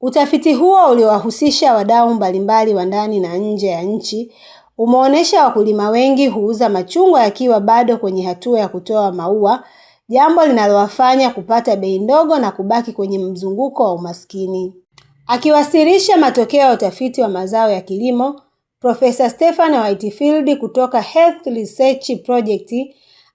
Utafiti huo uliowahusisha wadau mbalimbali wa ndani na nje ya nchi umeonesha wakulima wengi huuza machungwa yakiwa bado kwenye hatua ya kutoa maua, jambo linalowafanya kupata bei ndogo na kubaki kwenye mzunguko wa umaskini. Akiwasilisha matokeo ya utafiti wa mazao ya kilimo, Profesa Stefan Whitefield kutoka Health Research Project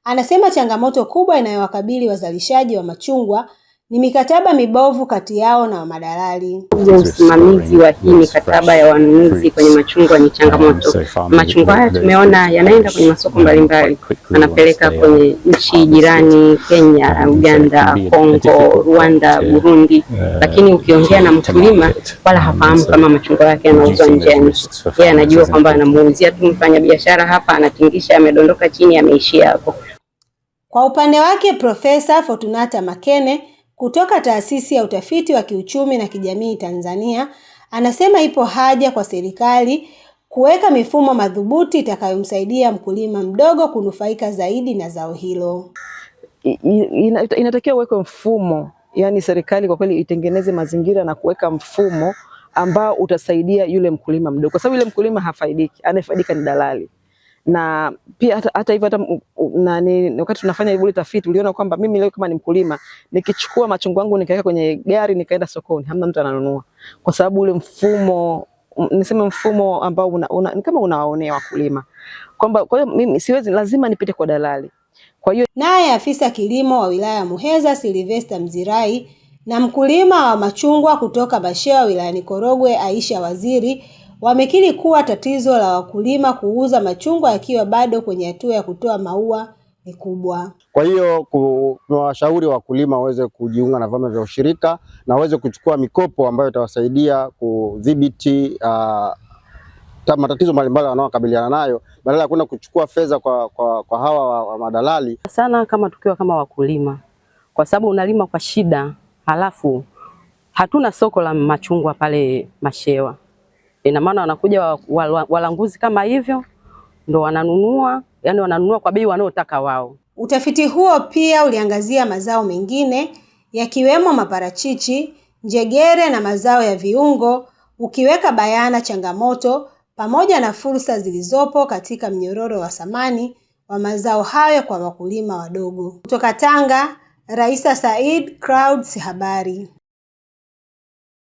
anasema changamoto kubwa inayowakabili wazalishaji wa machungwa ni mikataba mibovu kati yao na madalali. Je, usimamizi wa hii mikataba ya wanunuzi kwenye machungwa ni changamoto? Machungwa haya tumeona yanaenda kwenye masoko mbalimbali, anapeleka kwenye nchi jirani, Kenya, Uganda, Kongo, Rwanda, Burundi, uh, lakini ukiongea na mkulima wala hafahamu kama machungwa yake yanauzwa nje. Yeye anajua kwamba anamuuzia tu mfanya biashara hapa, anatingisha, amedondoka chini, ameishia hapo. Kwa upande wake Profesa Fortunata Makene kutoka Taasisi ya Utafiti wa Kiuchumi na Kijamii Tanzania anasema ipo haja kwa serikali kuweka mifumo madhubuti itakayomsaidia mkulima mdogo kunufaika zaidi na zao hilo. Inatakiwa uwekwe mfumo, yani serikali kwa kweli itengeneze mazingira na kuweka mfumo ambao utasaidia yule mkulima mdogo, kwa sababu yule mkulima hafaidiki, anayefaidika ni dalali na pia hata hivyo hata wakati tunafanya ile tafiti uliona kwamba mimi leo kama ni mkulima nikichukua machungwa yangu nikaweka kwenye gari nikaenda sokoni, hamna mtu ananunua, kwa sababu ule mfumo niseme mfumo ambao una, una, ni kama unawaonea wakulima kwamba, kwa hiyo mimi siwezi, lazima nipite kwa dalali. Kwa hiyo naye afisa kilimo wa wilaya ya Muheza Silvesta Mzirai na mkulima wa machungwa kutoka Mashewa wilayani Korogwe Aisha Waziri Wamekiri kuwa tatizo la wakulima kuuza machungwa yakiwa bado kwenye hatua ya kutoa maua ni kubwa. Kwa hiyo tunawashauri wakulima waweze kujiunga na vyama vya ushirika na waweze kuchukua mikopo ambayo itawasaidia kudhibiti uh, matatizo mbalimbali wanaokabiliana nayo badala ya kwenda kuchukua fedha kwa, kwa, kwa hawa wa, wa madalali sana, kama tukiwa kama wakulima, kwa sababu unalima kwa shida, halafu hatuna soko la machungwa pale Mashewa. Ina maana wanakuja walanguzi kama hivyo ndo wananunua, yani wananunua kwa bei wanaotaka wao. Utafiti huo pia uliangazia mazao mengine yakiwemo maparachichi, njegere na mazao ya viungo, ukiweka bayana changamoto pamoja na fursa zilizopo katika mnyororo wa thamani wa mazao hayo kwa wakulima wadogo. Kutoka Tanga, Raisa Said, Clouds Habari.